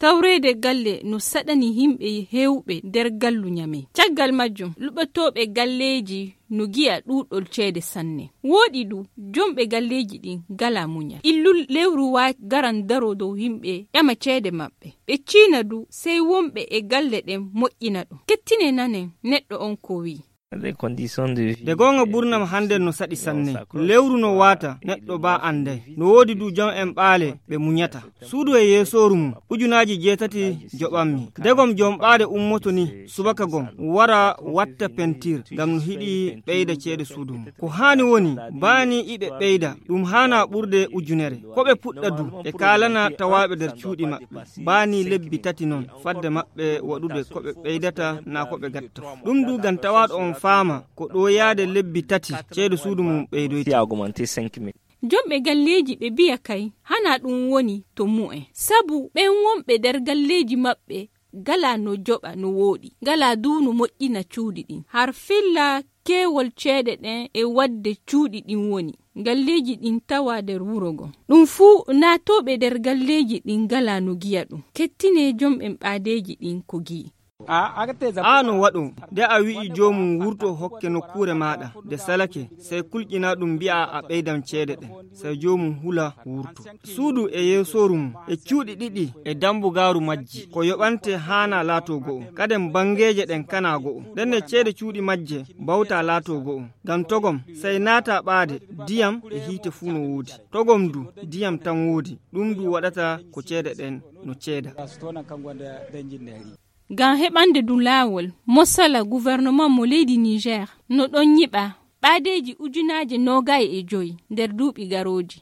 tawrede galle no saɗani himɓe hewɓe nder gallu nyame caggal majjum luɓatoɓe galleji no giya ɗuɗol ceede sanne woɗi du jomɓe galleji ɗin gala muñal illu lewru wa garan daro dow himɓe ƴama ceede maɓɓe ɓe ciina du sey wonɓe e galle ɗen moƴƴina ɗum kettine nanen neɗɗo on ko wi nde gonga ɓurnam hande no saɗi sanne lewru no wata neɗɗo ba anday no wodi du jom en ɓaale ɓe muñata suudu e yesoru mum ujunaji jeetati joɓanmi ndegom jom ɓaade ummoto ni subaka gom wara watta pentir ngam no hiɗi ɓeyda ceeɗe suudu mum ko hani woni baani iɓe ɓeyda ɗum hana ɓurde ujunere ko ɓe puɗɗa du ɓe kalana tawaɓe nder cuuɗi maɓɓe baani lebbi tati noon fadde maɓɓe waɗude koɓe ɓeydata na koɓe gatta ɗum du gam tawaɗo on faama ko ɗo yaade lebbi tati ceeɗu suudu mum ɓeydoyti jomɓe galleji ɓe mbiya kay hana ɗum woni to mu'en sabu ɓen wonɓe nder galleji maɓɓe gala no joɓa no wooɗi gala duunu moƴƴina cuuɗi ɗin har filla keewol ceeɗe ɗen e waɗde cuuɗi ɗin woni galleji ɗin tawa nder wurogo ɗum fuu naatoɓe nder galleji ɗin gala no giya ɗum kettine jom ɓen ɓaadeji ɗin ko gi'i aan waɗu nde a wi'i joomum wurto hokke nokkure maɗa nde salake sey kulƴina ɗum mbi'a a ɓeydam ceede ɗen sey joomum hula wurto suudu e yeesoru mum e cuuɗi ɗiɗi e dambugaaru majji ko yoɓante haana laato go'o um. kaden bangeeje ɗen kana go'o ɗen um. ne ceede cuuɗi majje bawta laato go'o um. ngam togom sey naata ɓaade diyam e hiite fuu no woodi togom du diyam tan woodi ɗum du waɗata ko ceede ɗen no ceeda ngam heɓande du laawol mosala gouvernement mo leydi niger no ɗon nyiɓa ɓaadeji ujunaaje nogay e joyi nder duuɓi garooji